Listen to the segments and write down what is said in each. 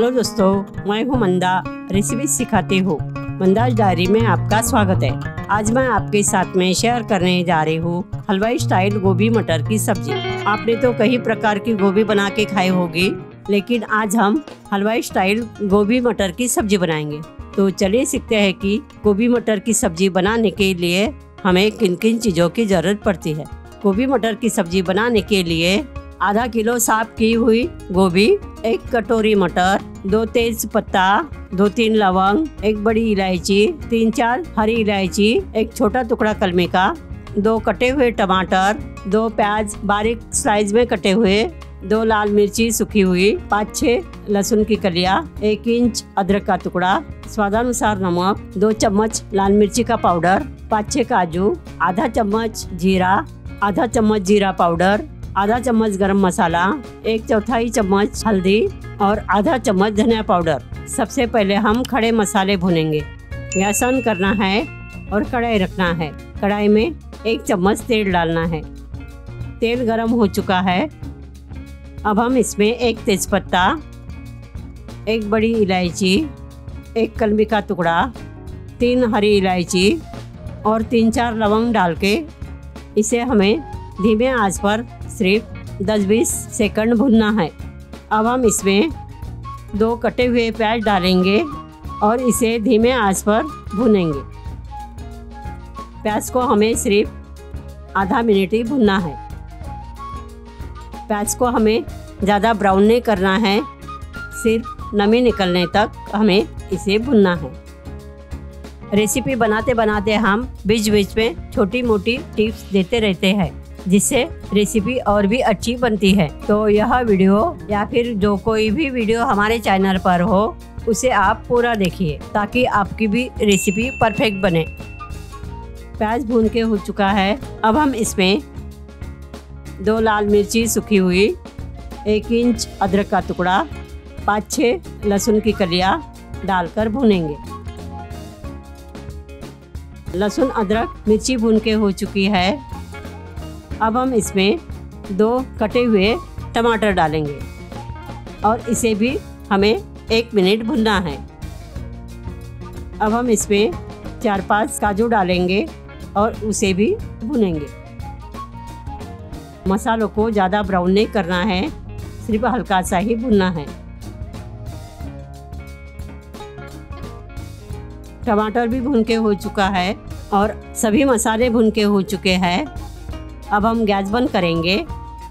hello दोस्तों मैं हूँ मंदा रेसिपी सिखाती हूँ मंदाज डायरी में आपका स्वागत है आज मैं आपके साथ में शेयर करने जा रही हूँ हलवाई स्टाइल गोभी मटर की सब्जी आपने तो कई प्रकार की गोभी बना के खाई होगी लेकिन आज हम हलवाई स्टाइल गोभी मटर की सब्जी बनाएंगे तो चलिए सीखते हैं कि गोभी मटर की सब्जी बनाने के लिए हमें किन किन चीज़ों की ज़रूरत पड़ती है गोभी मटर की सब्जी बनाने के लिए आधा किलो साफ की हुई गोभी एक कटोरी मटर दो तेज पत्ता दो तीन लवंग एक बड़ी इलायची तीन चार हरी इलायची एक छोटा टुकड़ा कलमे का दो कटे हुए टमाटर दो प्याज बारीक साइज में कटे हुए दो लाल मिर्ची सूखी हुई पाँच छः लहसुन की कलिया एक इंच अदरक का टुकड़ा स्वादानुसार नमक दो चम्मच लाल मिर्ची का पाउडर पाँच छः काजू आधा चम्मच जीरा आधा चम्मच जीरा पाउडर आधा चम्मच गरम मसाला एक चौथाई चम्मच हल्दी और आधा चम्मच धनिया पाउडर सबसे पहले हम खड़े मसाले भुनेंगे आसान करना है और कढ़ाई रखना है कढ़ाई में एक चम्मच तेल डालना है तेल गरम हो चुका है अब हम इसमें एक तेज़पत्ता एक बड़ी इलायची एक कलमी का टुकड़ा तीन हरी इलायची और तीन चार लवंग डाल के इसे हमें धीमे आंच पर सिर्फ 10-20 सेकंड भुनना है अब हम इसमें दो कटे हुए प्याज डालेंगे और इसे धीमे आंच पर भुनेंगे प्याज को हमें सिर्फ आधा मिनट ही भुनना है प्याज को हमें ज़्यादा ब्राउन नहीं करना है सिर्फ नमी निकलने तक हमें इसे भुनना है रेसिपी बनाते बनाते हम बीच बीच में छोटी मोटी टिप्स देते रहते हैं जिससे रेसिपी और भी अच्छी बनती है तो यह वीडियो या फिर जो कोई भी वीडियो हमारे चैनल पर हो उसे आप पूरा देखिए ताकि आपकी भी रेसिपी परफेक्ट बने प्याज भून के हो चुका है अब हम इसमें दो लाल मिर्ची सूखी हुई एक इंच अदरक का टुकड़ा पाँच छः लहसुन की कलिया डालकर भूनेंगे लहसुन अदरक मिर्ची भून के हो चुकी है अब हम इसमें दो कटे हुए टमाटर डालेंगे और इसे भी हमें एक मिनट भुनना है अब हम इसमें चार पांच काजू डालेंगे और उसे भी भुनेंगे मसालों को ज़्यादा ब्राउन नहीं करना है सिर्फ हल्का सा ही भुनना है टमाटर भी भुन के हो चुका है और सभी मसाले भुन के हो चुके हैं अब हम गैस बंद करेंगे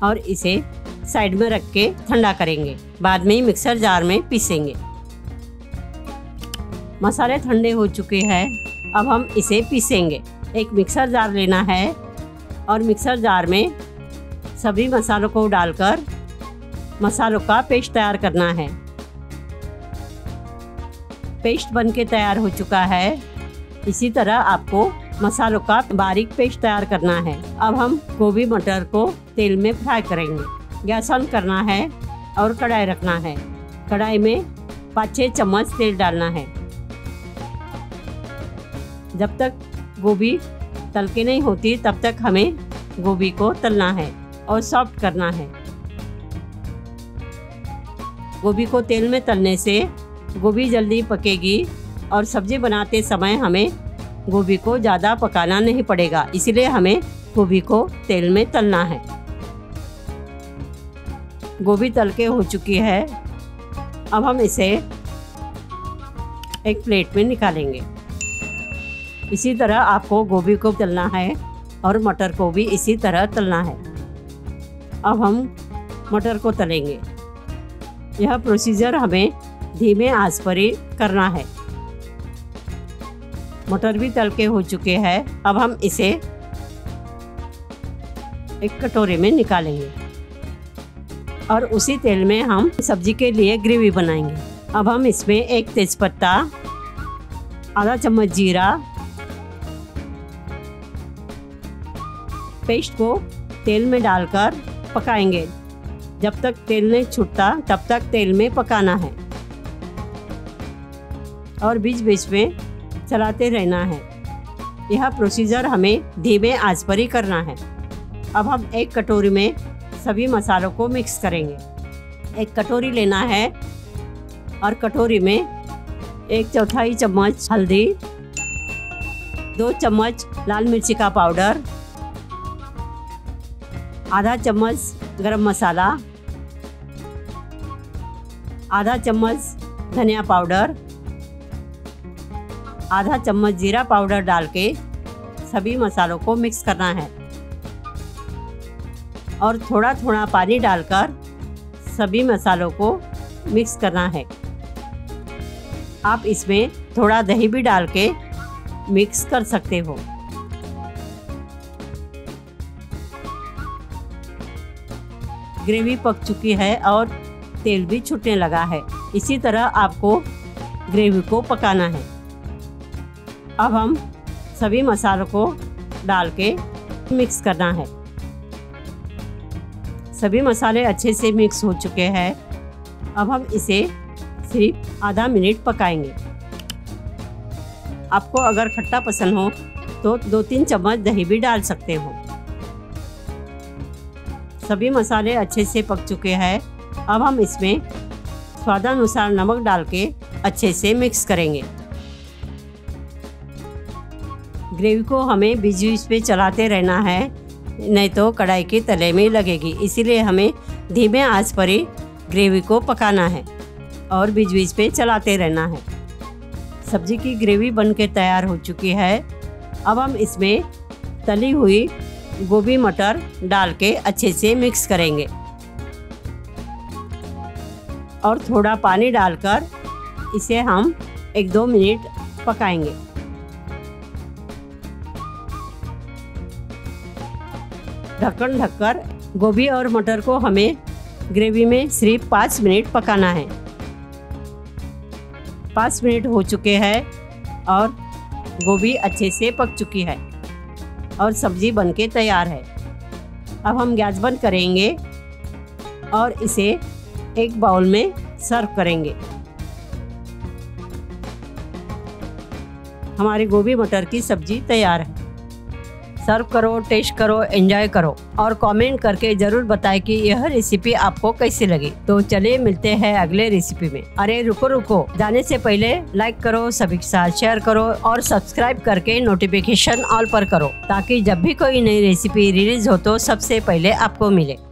और इसे साइड में रख के ठंडा करेंगे बाद में ही मिक्सर जार में पीसेंगे मसाले ठंडे हो चुके हैं अब हम इसे पीसेंगे एक मिक्सर जार लेना है और मिक्सर जार में सभी मसालों को डालकर मसालों का पेस्ट तैयार करना है पेस्ट बनके तैयार हो चुका है इसी तरह आपको मसालों का बारीक पेस्ट तैयार करना है अब हम गोभी मटर को तेल में फ्राई करेंगे गैस ऑन करना है और कढ़ाई रखना है कढ़ाई में पाँच छः चम्मच तेल डालना है जब तक गोभी तल के नहीं होती तब तक हमें गोभी को तलना है और सॉफ्ट करना है गोभी को तेल में तलने से गोभी जल्दी पकेगी और सब्जी बनाते समय हमें गोभी को ज़्यादा पकाना नहीं पड़ेगा इसलिए हमें गोभी को तेल में तलना है गोभी तल के हो चुकी है अब हम इसे एक प्लेट में निकालेंगे इसी तरह आपको गोभी को तलना है और मटर को भी इसी तरह तलना है अब हम मटर को तलेंगे यह प्रोसीजर हमें धीमे आंच पर ही करना है मटर भी तल के हो चुके हैं अब हम इसे एक कटोरे में निकालेंगे और उसी तेल में हम सब्जी के लिए ग्रेवी बनाएंगे अब हम इसमें एक तेज़पत्ता आधा चम्मच जीरा पेस्ट को तेल में डालकर पकाएंगे जब तक तेल नहीं छूटता तब तक तेल में पकाना है और बीच बीच में चलाते रहना है यह प्रोसीजर हमें धीमे आज पर ही करना है अब हम एक कटोरी में सभी मसालों को मिक्स करेंगे एक कटोरी लेना है और कटोरी में एक चौथाई चम्मच हल्दी दो चम्मच लाल मिर्ची का पाउडर आधा चम्मच गरम मसाला आधा चम्मच धनिया पाउडर आधा चम्मच जीरा पाउडर डाल के सभी मसालों को मिक्स करना है और थोड़ा थोड़ा पानी डालकर सभी मसालों को मिक्स करना है आप इसमें थोड़ा दही भी डाल के मिक्स कर सकते हो ग्रेवी पक चुकी है और तेल भी छूटने लगा है इसी तरह आपको ग्रेवी को पकाना है अब हम सभी मसालों को डाल के मिक्स करना है सभी मसाले अच्छे से मिक्स हो चुके हैं अब हम इसे सिर्फ आधा मिनट पकाएंगे आपको अगर खट्टा पसंद हो तो दो तीन चम्मच दही भी डाल सकते हो सभी मसाले अच्छे से पक चुके हैं अब हम इसमें स्वादानुसार नमक डाल के अच्छे से मिक्स करेंगे ग्रेवी को हमें बिजली पे चलाते रहना है नहीं तो कढ़ाई के तले में लगेगी इसीलिए हमें धीमे आंच पर ही ग्रेवी को पकाना है और बीच बीच पे चलाते रहना है सब्जी की ग्रेवी बनके तैयार हो चुकी है अब हम इसमें तली हुई गोभी मटर डाल के अच्छे से मिक्स करेंगे और थोड़ा पानी डालकर इसे हम एक दो मिनट पकाएंगे ढक्कन ढककर गोभी और मटर को हमें ग्रेवी में सिर्फ पाँच मिनट पकाना है पाँच मिनट हो चुके हैं और गोभी अच्छे से पक चुकी है और सब्जी बनके तैयार है अब हम गैस बंद करेंगे और इसे एक बाउल में सर्व करेंगे हमारी गोभी मटर की सब्जी तैयार है सर्व करो टेस्ट करो एंजॉय करो और कमेंट करके जरूर बताएं कि यह रेसिपी आपको कैसी लगी तो चलिए मिलते हैं अगले रेसिपी में अरे रुको रुको जाने से पहले लाइक करो सभी के साथ शेयर करो और सब्सक्राइब करके नोटिफिकेशन ऑल पर करो ताकि जब भी कोई नई रेसिपी रिलीज हो तो सबसे पहले आपको मिले